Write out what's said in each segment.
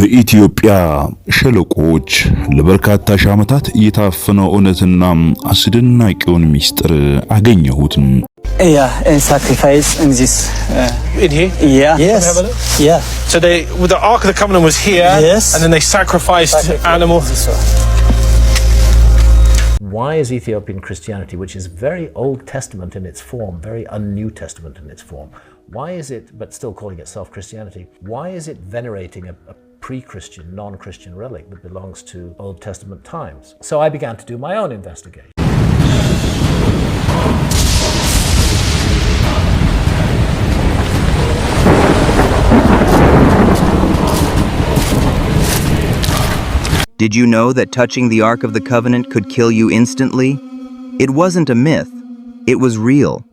በኢትዮጵያ ሸለቆዎች ለበርካታ ሺህ ዓመታት የታፈነው እውነትና አስደናቂውን ሚስጥር አገኘሁት። they sacrificed animals. Why is Ethiopian Christianity, which is very Old Testament in its form, very un-New Testament in its form, why is it, but still calling itself Christianity, why is it venerating a, a pre Christian, non Christian relic that belongs to Old Testament times. So I began to do my own investigation. Did you know that touching the Ark of the Covenant could kill you instantly? It wasn't a myth, it was real.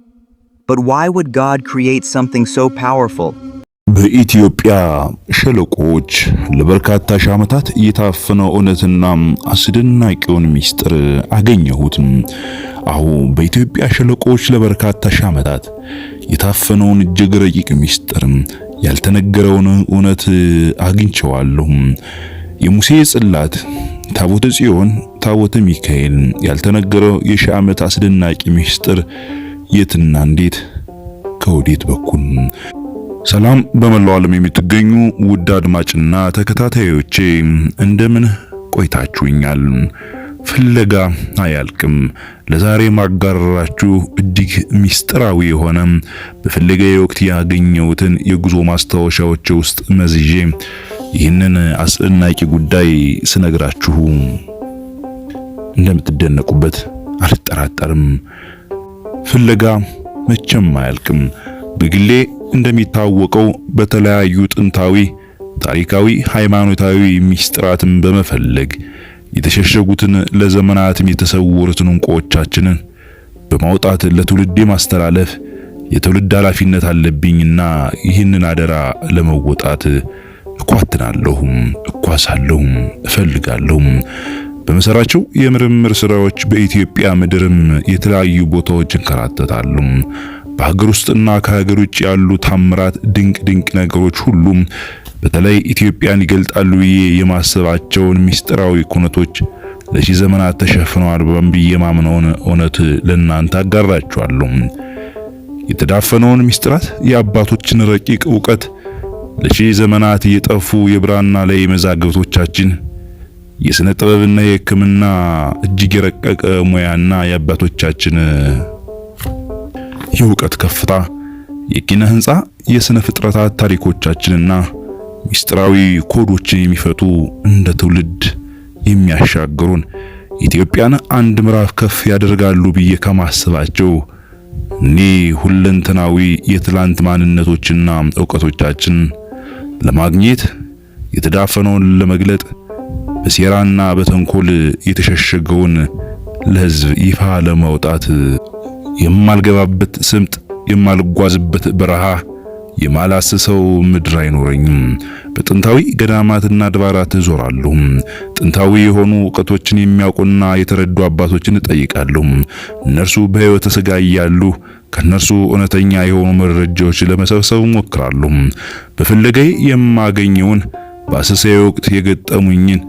But why would God create something so powerful በኢትዮጵያ ሸለቆዎች ለበርካታ ሺህ ዓመታት የታፈነው እውነትና አስደናቂውን ምስጢር አገኘሁት። አሁ በኢትዮጵያ ሸለቆዎች ለበርካታ ሺህ ዓመታት የታፈነውን እጅግ ረቂቅ ምስጢር፣ ያልተነገረውን እውነት አግኝቸዋለሁ። የሙሴ ጽላት፣ ታቦተ ጽዮን፣ ታቦተ ሚካኤል፣ ያልተነገረው የሺህ ዓመት አስደናቂ ሚስጥር የትና እንዴት ከወዴት በኩል ሰላም በመላው ዓለም የምትገኙ ውድ አድማጭና ተከታታዮቼ እንደምን ቆይታችሁኛል? ፍለጋ አያልቅም። ለዛሬ ማጋራችሁ እጅግ ሚስጥራዊ የሆነ በፍለጋዬ ወቅት ያገኘሁትን የጉዞ ማስታወሻዎች ውስጥ መዝዤ ይህንን አስደናቂ ጉዳይ ስነግራችሁ እንደምትደነቁበት አልጠራጠርም። ፍለጋ መቼም አያልቅም። በግሌ እንደሚታወቀው በተለያዩ ጥንታዊ፣ ታሪካዊ፣ ሃይማኖታዊ ሚስጥራትን በመፈለግ የተሸሸጉትን ለዘመናትም የተሰወሩትን እንቁዎቻችንን በማውጣት ለትውልድ ማስተላለፍ የትውልድ ኃላፊነት አለብኝና ይህንን አደራ ለመወጣት እኳትናለሁም እኳሳለሁም እፈልጋለሁም። በመሰራቸው የምርምር ስራዎች በኢትዮጵያ ምድርም የተለያዩ ቦታዎች እንከራተታለሁ። በሀገር ውስጥና ከሀገር ውጭ ያሉ ታምራት፣ ድንቅ ድንቅ ነገሮች ሁሉም በተለይ ኢትዮጵያን ይገልጣሉ ብዬ የማሰባቸውን ሚስጥራዊ ኩነቶች ለሺ ዘመናት ተሸፍነዋል ብዬ የማምነውን እውነት ለእናንተ አጋራችኋለሁ። የተዳፈነውን ሚስጥራት፣ የአባቶችን ረቂቅ እውቀት፣ ለሺ ዘመናት የጠፉ የብራና ላይ መዛግብቶቻችን፣ የሥነ ጥበብና የሕክምና እጅግ የረቀቀ ሙያና የአባቶቻችን የእውቀት ከፍታ የኪነ ህንፃ የሥነ ፍጥረታት ታሪኮቻችንና ሚስጥራዊ ኮዶችን የሚፈቱ እንደ ትውልድ የሚያሻግሩን ኢትዮጵያን አንድ ምዕራፍ ከፍ ያደርጋሉ ብዬ ከማስባቸው እኒህ ሁለንተናዊ የትላንት ማንነቶችና እውቀቶቻችን ለማግኘት የተዳፈነውን ለመግለጥ በሴራና በተንኮል የተሸሸገውን ለህዝብ ይፋ ለማውጣት የማልገባበት ስምጥ፣ የማልጓዝበት በረሃ፣ የማላስሰው ምድር አይኖረኝም። በጥንታዊ ገዳማትና ድባራት እዞራለሁ። ጥንታዊ የሆኑ እውቀቶችን የሚያውቁና የተረዱ አባቶችን እጠይቃለሁ። እነርሱ በሕይወተ ሥጋ እያሉ ከነርሱ እውነተኛ የሆኑ መረጃዎች ለመሰብሰብ ሞክራሉ። በፍለጋዬ የማገኘውን በአሰሴ ወቅት የገጠሙኝን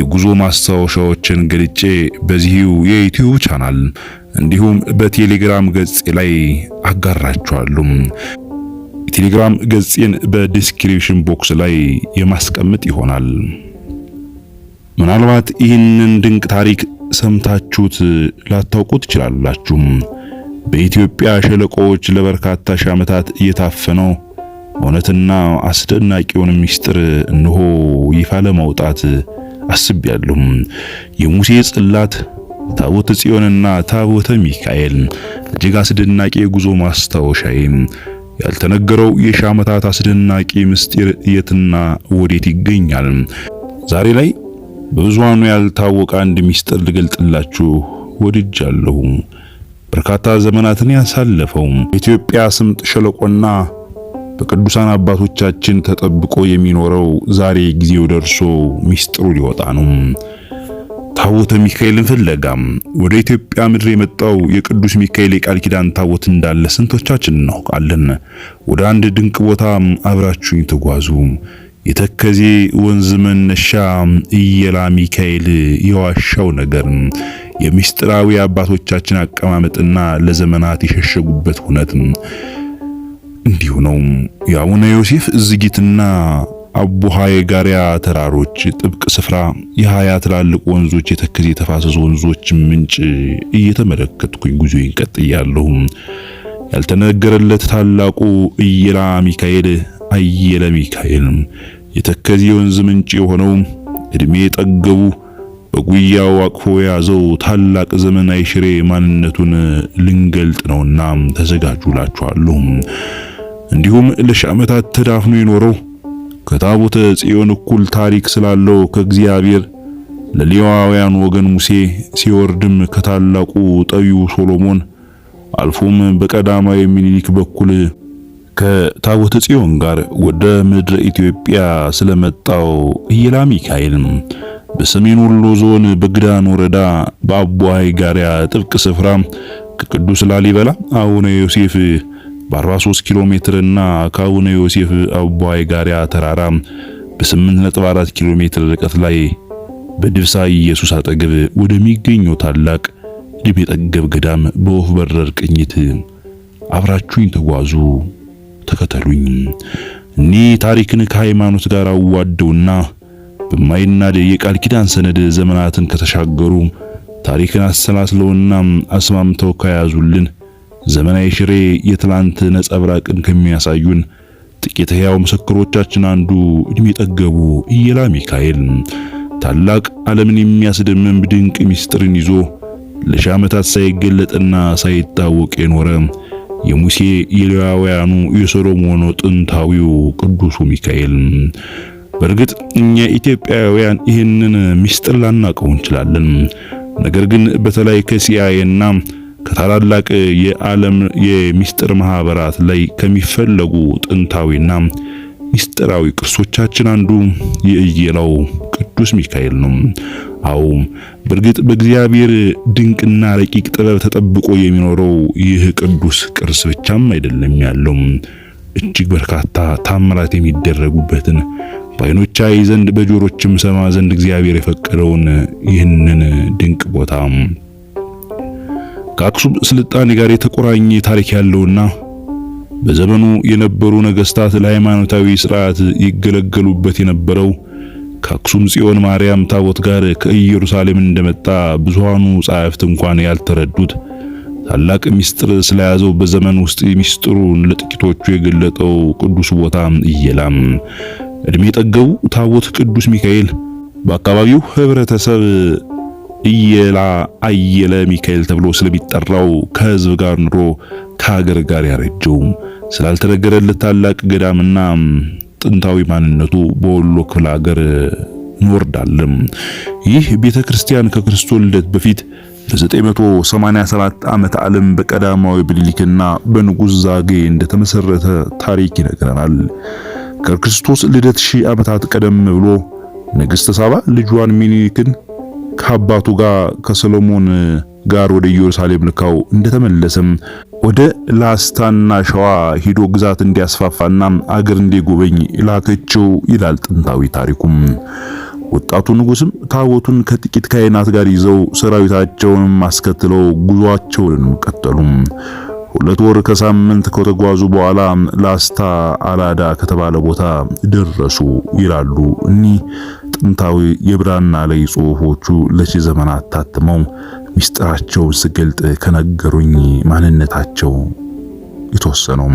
የጉዞ ማስታወሻዎችን ገልጬ በዚሁ የዩቲዩብ ቻናል እንዲሁም በቴሌግራም ገጽ ላይ አጋራችኋለሁ። የቴሌግራም ገጽን በዲስክሪፕሽን ቦክስ ላይ የማስቀምጥ ይሆናል። ምናልባት ይህንን ድንቅ ታሪክ ሰምታችሁት ላታውቁ ትችላላችሁ። በኢትዮጵያ ሸለቆዎች ለበርካታ ሺህ ዓመታት እየታፈነው እውነትና አስደናቂውን ምስጢር እንሆ ይፋ ለማውጣት አስቤያለሁ። የሙሴ ጽላት ታቦተ ጽዮንና ታቦተ ሚካኤል እጅግ አስደናቂ የጉዞ ማስታወሻዬ ያልተነገረው የሺ ዓመታት አስደናቂ ምስጢር የትና ወዴት ይገኛል? ዛሬ ላይ በብዙሃኑ ያልታወቀ አንድ ምስጢር ልገልጥላችሁ ወድጃለሁ። በርካታ ዘመናትን ያሳለፈው በኢትዮጵያ ስምጥ ሸለቆና በቅዱሳን አባቶቻችን ተጠብቆ የሚኖረው ዛሬ ጊዜው ደርሶ ምስጢሩ ሊወጣ ነው። ታቦተ ሚካኤልን ፍለጋም ወደ ኢትዮጵያ ምድር የመጣው የቅዱስ ሚካኤል የቃል ኪዳን ታቦት እንዳለ ስንቶቻችን እናውቃለን? ወደ አንድ ድንቅ ቦታ አብራችሁኝ ተጓዙ። የተከዜ ወንዝ መነሻ እየላ ሚካኤል የዋሻው ነገር የሚስጥራዊ አባቶቻችን አቀማመጥና ለዘመናት የሸሸጉበት ሁነት እንዲሁ ነው። የአቡነ ዮሴፍ ዝጊትና አቡሃይ የጋሪያ ተራሮች ጥብቅ ስፍራ፣ የሀያ ትላልቅ ወንዞች፣ የተከዜ የተፋሰሱ ወንዞች ምንጭ እየተመለከትኩኝ ጉዞዬን ቀጥያለሁ። ያልተነገረለት ታላቁ እየላ ሚካኤል አየለ ሚካኤል የተከዜ ወንዝ ምንጭ የሆነው እድሜ ጠገቡ በጉያው አቅፎ የያዘው ታላቅ ዘመን አይሽሬ ማንነቱን ልንገልጥ ነውና ተዘጋጁላችኋለሁ። እንዲሁም ለሺ ዓመታት ተዳፍኖ የኖረው ከታቦተ ጽዮን እኩል ታሪክ ስላለው ከእግዚአብሔር ለሌዋውያን ወገን ሙሴ ሲወርድም ከታላቁ ጠቢው ሶሎሞን አልፎም በቀዳማዊ ሚኒሊክ በኩል ከታቦተ ጽዮን ጋር ወደ ምድረ ኢትዮጵያ ስለመጣው ኢየላ ሚካኤል በሰሜን ወሎ ዞን በግዳን ወረዳ በአቦ ሐይ ጋሪያ ጥብቅ ስፍራ ከቅዱስ ላሊበላ አቡነ ዮሴፍ በ43 ኪሎ እና ከአቡነ ዮሴፍ አቧይ ጋሪያ ተራራ በ8.4 ኪሎ ሜትር ርቀት ላይ በድብሳ ኢየሱስ አጠገብ ወደሚገኘው ታላቅ ልብ የጠገብ ገዳም በወፍ በረር ቅኝት አብራችሁኝ ተጓዙ፣ ተከተሉኝ። እኒህ ታሪክን ከሃይማኖት ጋር አዋደውና በማይናድ የቃል ኪዳን ሰነድ ዘመናትን ከተሻገሩ ታሪክን አሰላስለውና አስማምተው ከያዙልን ዘመናዊ ሽሬ የትላንት ነጸብራቅን ከሚያሳዩን ጥቂት ሕያው ምስክሮቻችን አንዱ እድሜ ጠገቡ ኢየላ ሚካኤል ታላቅ ዓለምን የሚያስደምም ድንቅ ምስጢርን ይዞ ለሺ ዓመታት ሳይገለጥና ሳይታወቅ የኖረ የሙሴ የሌዋውያኑ የሰሎሞኑ ጥንታዊው ቅዱሱ ሚካኤል። በእርግጥ እኛ ኢትዮጵያውያን ይህንን ምስጢር ላናቀው እንችላለን። ነገር ግን በተለይ ከሲአይኤና ከታላላቅ የዓለም የሚስጥር ማህበራት ላይ ከሚፈለጉ ጥንታዊና ሚስጥራዊ ቅርሶቻችን አንዱ የእየላው ቅዱስ ሚካኤል ነው። አዎ በእርግጥ በእግዚአብሔር ድንቅና ረቂቅ ጥበብ ተጠብቆ የሚኖረው ይህ ቅዱስ ቅርስ ብቻም አይደለም ያለው እጅግ በርካታ ታምራት የሚደረጉበትን በዓይኖች አይ ዘንድ በጆሮችም ሰማ ዘንድ እግዚአብሔር የፈቀደውን ይህንን ድንቅ ቦታ ከአክሱም ስልጣኔ ጋር የተቆራኘ ታሪክ ያለውና በዘመኑ የነበሩ ነገስታት ለሃይማኖታዊ ስርዓት ይገለገሉበት የነበረው ከአክሱም ጽዮን ማርያም ታቦት ጋር ከኢየሩሳሌም እንደመጣ ብዙሃኑ ጻሕፍት እንኳን ያልተረዱት ታላቅ ሚስጥር ስለያዘው በዘመን ውስጥ ሚስጥሩን ለጥቂቶቹ የገለጠው ቅዱስ ቦታ እየላም እድሜ ጠገቡ ታቦት ቅዱስ ሚካኤል በአካባቢው ህብረተሰብ እየላ አየለ ሚካኤል ተብሎ ስለሚጠራው ከህዝብ ጋር ኑሮ ከሀገር ጋር ያረጀው ስላልተነገረለት ታላቅ ገዳምና ጥንታዊ ማንነቱ በወሎ ክፍለ ሀገር እንወርዳለን። ይህ ቤተ ክርስቲያን ከክርስቶስ ልደት በፊት በ987 ዓመተ ዓለም በቀዳማዊ ብሊክና በንጉሥ ዛጌ እንደተመሰረተ ታሪክ ይነግረናል። ከክርስቶስ ልደት ሺህ ዓመታት ቀደም ብሎ ንግሥተ ሳባ ልጇን ሚኒሊክን ከአባቱ ጋር ከሰሎሞን ጋር ወደ ኢየሩሳሌም ልካው እንደተመለሰም ወደ ላስታና ሸዋ ሂዶ ግዛት እንዲያስፋፋና አገር እንዲጎበኝ ላከችው ይላል ጥንታዊ ታሪኩም። ወጣቱ ንጉስም ታቦቱን ከጥቂት ካህናት ጋር ይዘው ሰራዊታቸውንም አስከትለው ጉዟቸውንም ቀጠሉም። ሁለት ወር ከሳምንት ከተጓዙ በኋላ ላስታ አላዳ ከተባለ ቦታ ደረሱ ይላሉ እኒ ጥንታዊ የብራና ላይ ጽሑፎቹ ለሺ ዘመናት ታትመው ሚስጥራቸው ስገልጥ ከነገሩኝ ማንነታቸው የተወሰነው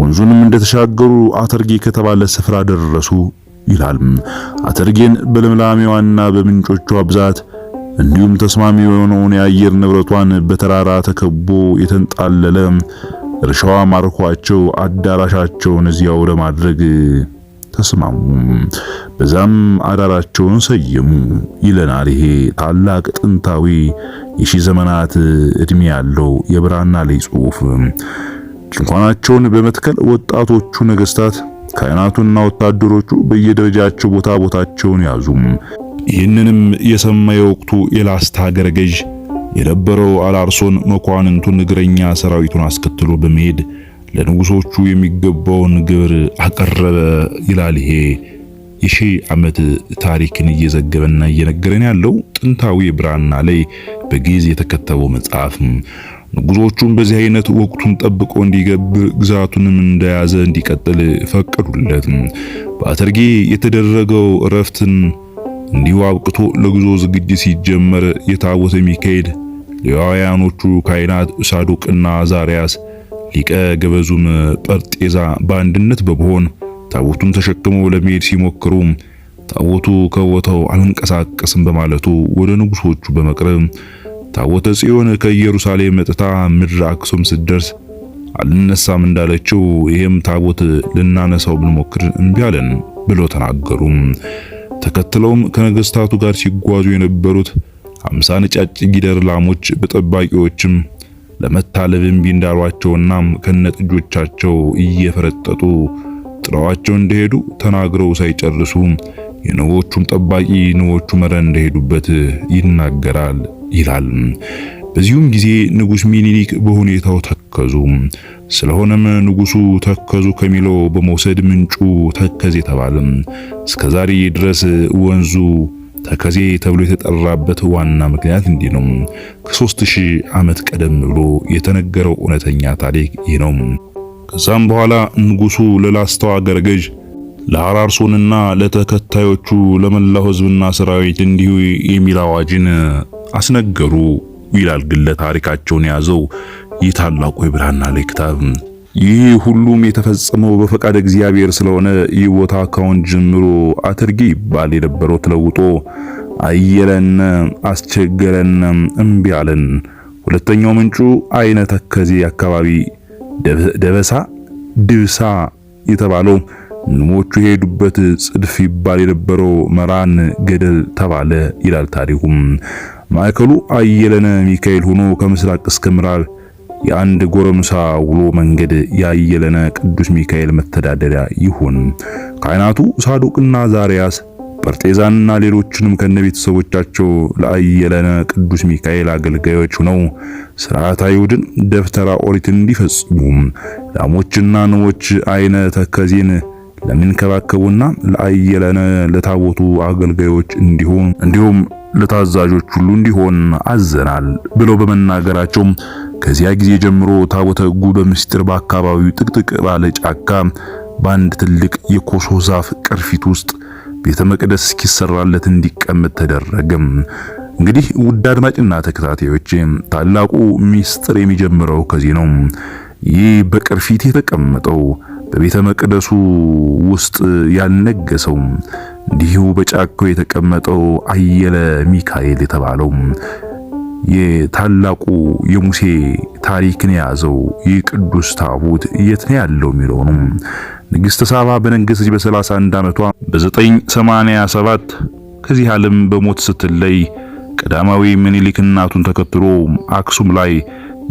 ወንዙንም እንደተሻገሩ አተርጌ ከተባለ ስፍራ ደረሱ ይላል። አተርጌን በልምላሜዋና በምንጮቿ ብዛት እንዲሁም ተስማሚ የሆነውን የአየር ንብረቷን በተራራ ተከቦ የተንጣለለ እርሻዋ ማርኳቸው አዳራሻቸውን እዚያው ለማድረግ ተስማሙ። በዛም አዳራቸውን ሰየሙ ይለናል ይሄ ታላቅ ጥንታዊ የሺ ዘመናት እድሜ ያለው የብራና ላይ ጽሑፍ። ድንኳናቸውን በመትከል ወጣቶቹ ነገስታት፣ ካህናቱና ወታደሮቹ በየደረጃቸው ቦታ ቦታቸውን ያዙ። ይህንንም የሰማ የወቅቱ የላስታ ሀገረ ገዥ የነበረው አላርሶን መኳንንቱን እግረኛ ሰራዊቱን አስከትሎ በመሄድ ለንጉሶቹ የሚገባውን ግብር አቀረበ ይላል። ይሄ የሺህ ዓመት ታሪክን እየዘገበና እየነገረን ያለው ጥንታዊ ብራና ላይ በጊዝ የተከተበው መጽሐፍ ንጉሶቹም በዚህ አይነት ወቅቱን ጠብቆ እንዲገብር ግዛቱንም እንደያዘ እንዲቀጥል ፈቀዱለት። በአተርጌ የተደረገው እረፍትን እንዲሁ አብቅቶ ለጉዞ ዝግጅት ሲጀመር የታቦተ ሚካኤል ሌዋውያኖቹ ካህናት ሳዶቅና ዛርያስ ሊቀ ገበዙም ጠርጤዛ በአንድነት በመሆን ታቦቱን ተሸክሞ ለመሄድ ሲሞክሩ ታቦቱ ከቦታው አልንቀሳቀስም በማለቱ ወደ ንጉሶቹ በመቅረብ ታቦተ ጽዮን ከኢየሩሳሌም መጥታ ምድር አክሱም ስትደርስ አልነሳም እንዳለችው ይህም ታቦት ልናነሳው ብንሞክር እምቢ አለን ብለው ተናገሩ። ተከትለውም ከነገስታቱ ጋር ሲጓዙ የነበሩት 50 ነጫጭ ጊደር ላሞች በጠባቂዎችም ለመታለብ እምቢ እንዳሏቸውና ከነጥጆቻቸው እየፈረጠጡ ጥለዋቸው እንደሄዱ ተናግረው ሳይጨርሱ የንቦቹም ጠባቂ ንቦቹ መረን እንደሄዱበት ይናገራል ይላል። በዚሁም ጊዜ ንጉስ ሚኒሊክ በሁኔታው ተከዙ። ስለሆነም ንጉሱ ተከዙ ከሚለው በመውሰድ ምንጩ ተከዝ የተባለ እስከዛሬ ድረስ ወንዙ ተከዜ ተብሎ የተጠራበት ዋና ምክንያት እንዲህ ነው። ከሦስት ሺህ ዓመት ቀደም ብሎ የተነገረው እውነተኛ ታሪክ ይህ ነው። ከዛም በኋላ ንጉሱ ለላስታው አገረ ገዥ ለአራርሶንና ለተከታዮቹ ለመላው ሕዝብና ሰራዊት እንዲሁ የሚል አዋጅን አስነገሩ ይላል ግለ ታሪካቸውን የያዘው ይህ ታላቁ የብራና ላይ ክታብ። ይህ ሁሉም የተፈጸመው በፈቃድ እግዚአብሔር ስለሆነ ይህ ቦታ ካሁን ጀምሮ አትርጊ ይባል የነበረው ተለውጦ አየለን፣ አስቸገረን፣ እምቢ አለን። ሁለተኛው ምንጩ አይነ ተከዜ አካባቢ ደበሳ ድብሳ የተባለው ንሞቹ የሄዱበት ጽድፍ ይባል የነበረው መራን ገደል ተባለ ይላል ታሪኩም። ማዕከሉ አየለነ ሚካኤል ሆኖ ከምስራቅ እስከ ምዕራብ የአንድ ጎረምሳ ውሎ መንገድ ያየለነ ቅዱስ ሚካኤል መተዳደሪያ ይሁን። ካህናቱ ሳዶቅና ዛርያስ በርጤዛንና ሌሎችንም ከነቤተሰቦቻቸው ለአየለነ ቅዱስ ሚካኤል አገልጋዮች ሆነው ስርዓት አይሁድን፣ ደብተራ ኦሪትን እንዲፈጽሙ ላሞችና ንቦች አይነ ተከዜን ለሚንከባከቡና ለአየለነ ለታቦቱ አገልጋዮች እንዲሆን እንዲሁም ለታዛዦች ሁሉ እንዲሆን አዘናል ብለው በመናገራቸው ከዚያ ጊዜ ጀምሮ ታቦተ ሕጉ በምስጢር በአካባቢው ጥቅጥቅ ባለ ጫካ በአንድ ትልቅ የኮሶ ዛፍ ቅርፊት ውስጥ ቤተ መቅደስ እስኪሰራለት እንዲቀመጥ ተደረገም። እንግዲህ ውድ አድማጭና ተከታታዮች ታላቁ ምስጢር የሚጀምረው ከዚህ ነው። ይህ በቅርፊት የተቀመጠው በቤተ መቅደሱ ውስጥ ያልነገሰው እንዲሁ በጫካው የተቀመጠው አየለ ሚካኤል የተባለው የታላቁ የሙሴ ታሪክን የያዘው ይህ ቅዱስ ታቦት የት ነው ያለው የሚለው ነው። ንግሥተ ሳባ በነገሰች በ31 ዓመቷ በ987 ከዚህ ዓለም በሞት ስትለይ ቀዳማዊ ምኒልክ እናቱን ተከትሎ አክሱም ላይ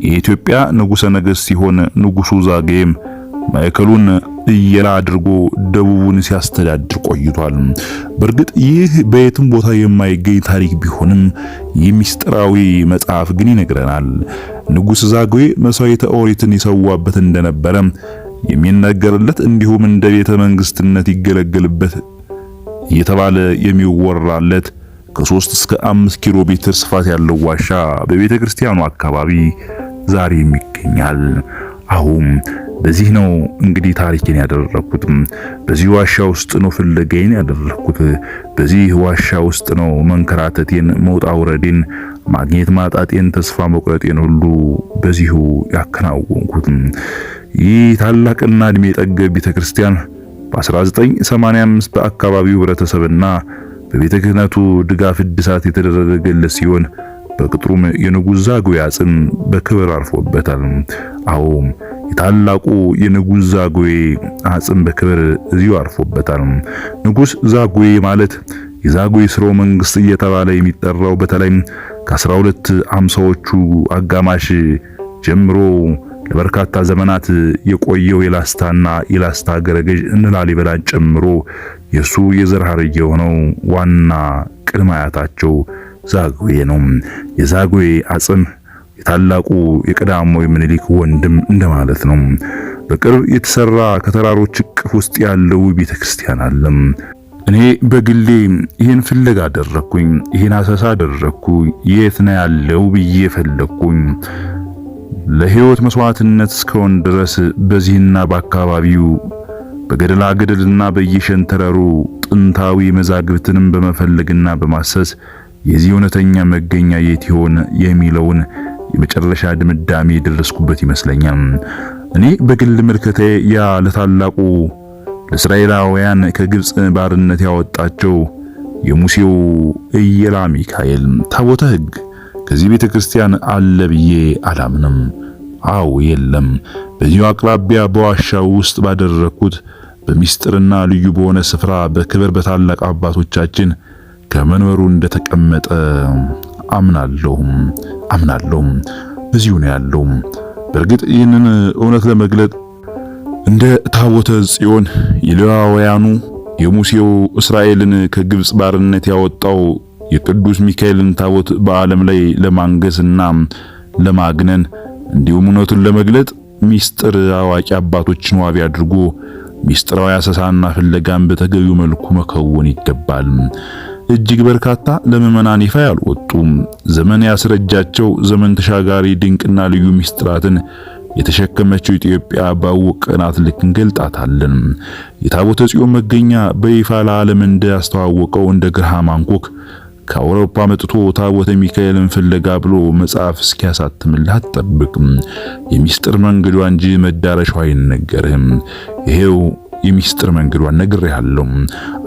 የኢትዮጵያ ንጉሠ ነገሥት ሲሆን ንጉሡ ዛጌም ማዕከሉን እየላ አድርጎ ደቡቡን ሲያስተዳድር ቆይቷል። በእርግጥ ይህ በየትም ቦታ የማይገኝ ታሪክ ቢሆንም የሚስጥራዊ መጽሐፍ ግን ይነግረናል። ንጉሥ ዛጉዌ መሥዋዕተ ኦሪትን ይሰዋበት እንደነበረ የሚነገርለት እንዲሁም እንደ ቤተ መንግስትነት ይገለገልበት እየተባለ የሚወራለት ከሶስት እስከ 5 ኪሎ ሜትር ስፋት ያለው ዋሻ በቤተ ክርስቲያኑ አካባቢ ዛሬም ይገኛል። አሁን በዚህ ነው እንግዲህ ታሪኬን ያደረኩት። በዚህ ዋሻ ውስጥ ነው ፍለጋዬን ያደረኩት። በዚህ ዋሻ ውስጥ ነው መንከራተቴን፣ መውጣ ውረዴን፣ ማግኘት ማጣጤን፣ ተስፋ መቁረጤን ሁሉ በዚሁ ያከናወንኩት። ይህ ታላቅና እድሜ ጠገብ ቤተክርስቲያን በ1985 በአካባቢው ህብረተሰብና በቤተ ክህነቱ ድጋፍ እድሳት የተደረገለት ሲሆን በቅጥሩም የንጉሥ ዛጉዌ አጽም በክብር አርፎበታል። አዎም ታላቁ የንጉስ ዛጉዌ አጽም በክብር እዚሁ አርፎበታል። ንጉስ ዛጉዌ ማለት የዛጉዌ ስርወ መንግስት እየተባለ የሚጠራው በተለይ ከ 1250 አምሳዎቹ አጋማሽ ጀምሮ ለበርካታ ዘመናት የቆየው የላስታና የላስታ ገረገዥ እንላሊበላን ጨምሮ የሱ የዘር ሐረግ የሆነው ዋና ቅድመ አያታቸው ዛጉዌ ነው። የዛጉዌ አጽም የታላቁ የቀዳማዊ ምኒልክ ወንድም እንደማለት ነው። በቅርብ የተሰራ ከተራሮች እቅፍ ውስጥ ያለው ቤተ ክርስቲያን አለ። እኔ በግሌ ይህን ፍለጋ አደረኩኝ፣ ይህን አሰሳ አደረኩ። የት ነው ያለው ብዬ ፈለኩኝ። ለህይወት መስዋዕትነት እስከሆን ድረስ በዚህና በአካባቢው በገደላ ገደልና በየሸንተረሩ ጥንታዊ መዛግብትንም በመፈለግና በማሰስ የዚህ እውነተኛ መገኛ የት ይሆን የሚለውን የመጨረሻ ድምዳሜ የደረስኩበት ይመስለኛል። እኔ በግል ምልከታዬ ያ ለታላቁ ለእስራኤላውያን ከግብፅ ባርነት ያወጣቸው የሙሴው እየላ ሚካኤል ታቦተ ሕግ ከዚህ ቤተ ክርስቲያን አለ ብዬ አላምንም። አው የለም። በዚሁ አቅራቢያ በዋሻው ውስጥ ባደረኩት በሚስጥርና ልዩ በሆነ ስፍራ በክብር በታላቅ አባቶቻችን ከመንበሩ እንደተቀመጠ አምናለሁም አምናለሁም እዚሁ ነው ያለው። በእርግጥ ይህንን እውነት ለመግለጥ እንደ ታቦተ ጽዮን የሌዋውያኑ የሙሴው እስራኤልን ከግብጽ ባርነት ያወጣው የቅዱስ ሚካኤልን ታቦት በዓለም ላይ ለማንገስና ለማግነን እንዲሁም እውነቱን ለመግለጥ ሚስጥር አዋቂ አባቶችን ዋቢ አድርጎ ሚስጥራዊ አሰሳና ፍለጋን በተገቢው መልኩ መከወን ይገባል። እጅግ በርካታ ለምዕመናን ይፋ ያልወጡ ዘመን ያስረጃቸው ዘመን ተሻጋሪ ድንቅና ልዩ ምስጢራትን የተሸከመችው ኢትዮጵያ ባወቅ ቀናት ልክ እንገልጣታለን። የታቦተ ጽዮን መገኛ በይፋ ለዓለም እንዳስተዋወቀው እንደ ግርሃም ሃንኮክ ከአውሮፓ መጥቶ ታቦተ ሚካኤልን ፍለጋ ብሎ መጽሐፍ እስኪያሳትምልህ አትጠብቅም። የሚስጥር መንገዷ እንጂ መዳረሻው አይነገርህም። ይሄው የሚስጥር መንገዷን ነግሬሃለሁ።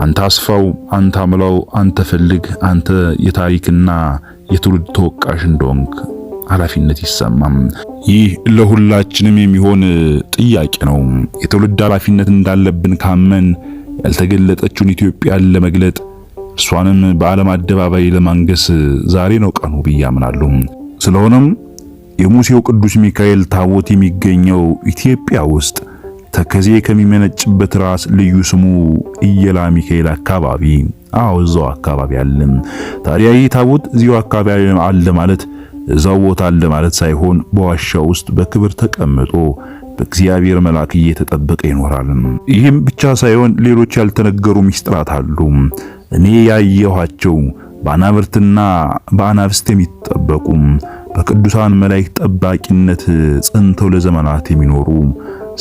አንተ አስፋው፣ አንተ አምላው፣ አንተ ፈልግ፣ አንተ የታሪክና የትውልድ ተወቃሽ እንደሆንክ ኃላፊነት ይሰማም። ይህ ለሁላችንም የሚሆን ጥያቄ ነው። የትውልድ ኃላፊነት እንዳለብን ካመን ያልተገለጠችውን ኢትዮጵያን ለመግለጥ እርሷንም በዓለም አደባባይ ለማንገስ ዛሬ ነው ቀኑ ብዬ አምናለሁ። ስለሆነም የሙሴው ቅዱስ ሚካኤል ታቦት የሚገኘው ኢትዮጵያ ውስጥ ተከዜ ከሚመነጭበት ራስ ልዩ ስሙ ኢየላ ሚካኤል አካባቢ፣ አዎ እዛው አካባቢ አለ። ታዲያ ይህ ታቦት እዚሁ አካባቢ አለ ማለት እዛው ቦታ አለ ማለት ሳይሆን በዋሻ ውስጥ በክብር ተቀምጦ በእግዚአብሔር መልአክ እየተጠበቀ ይኖራል። ይህም ብቻ ሳይሆን ሌሎች ያልተነገሩ ምስጢራት አሉ። እኔ ያየኋቸው በአናብርትና በአናብስት የሚጠበቁ በቅዱሳን መላእክት ጠባቂነት ጸንተው ለዘመናት የሚኖሩ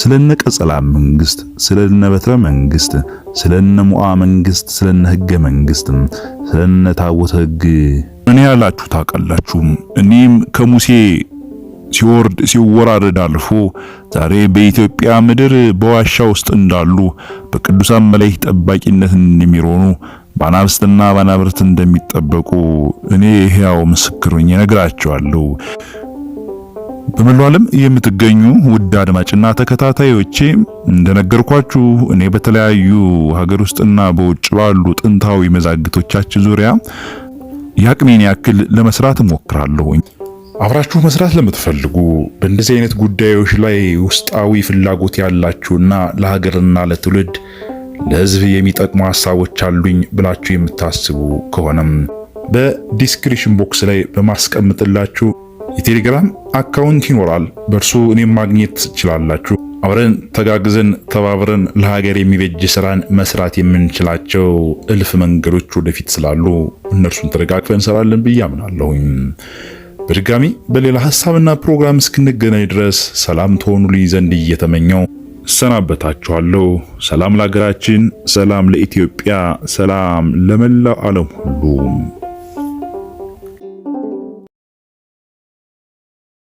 ስለነ ቀጸላ መንግስት፣ ስለነ በትረ መንግስት፣ ስለነ ሙአ መንግስት፣ ስለነ ህገ መንግስት፣ ስለነ ታቦተ ህግ እኔ ያላችሁ ታውቃላችሁ። እኔም ከሙሴ ሲወርድ ሲወራረድ አልፎ ዛሬ በኢትዮጵያ ምድር በዋሻ ውስጥ እንዳሉ በቅዱሳን መላእክት ጠባቂነት እንደሚሮኑ ባናብስትና ባናብርት እንደሚጠበቁ እኔ ሕያው ምስክር ነኝ በመላው ዓለም የምትገኙ ውድ አድማጭና ተከታታዮቼ እንደነገርኳችሁ እኔ በተለያዩ ሀገር ውስጥና በውጭ ባሉ ጥንታዊ መዛግቶቻችን ዙሪያ የአቅሜን ያክል ለመስራት እሞክራለሁ አብራችሁ መስራት ለምትፈልጉ በእንደዚህ አይነት ጉዳዮች ላይ ውስጣዊ ፍላጎት ያላችሁና ለሀገርና ለትውልድ ለሕዝብ የሚጠቅሙ ሀሳቦች አሉኝ ብላችሁ የምታስቡ ከሆነም በዲስክሪፕሽን ቦክስ ላይ በማስቀምጥላችሁ የቴሌግራም አካውንት ይኖራል። በእርሱ እኔም ማግኘት ትችላላችሁ። አብረን ተጋግዘን ተባብረን ለሀገር የሚበጅ ስራን መስራት የምንችላቸው እልፍ መንገዶች ወደፊት ስላሉ እነርሱን ተደጋግፈን እንሰራለን ብዬ አምናለሁኝ። በድጋሚ በሌላ ሀሳብና ፕሮግራም እስክንገናኝ ድረስ ሰላም ተሆኑ ልይ ዘንድ እየተመኘው እሰናበታችኋለሁ። ሰላም ለሀገራችን፣ ሰላም ለኢትዮጵያ፣ ሰላም ለመላው ዓለም ሁሉ።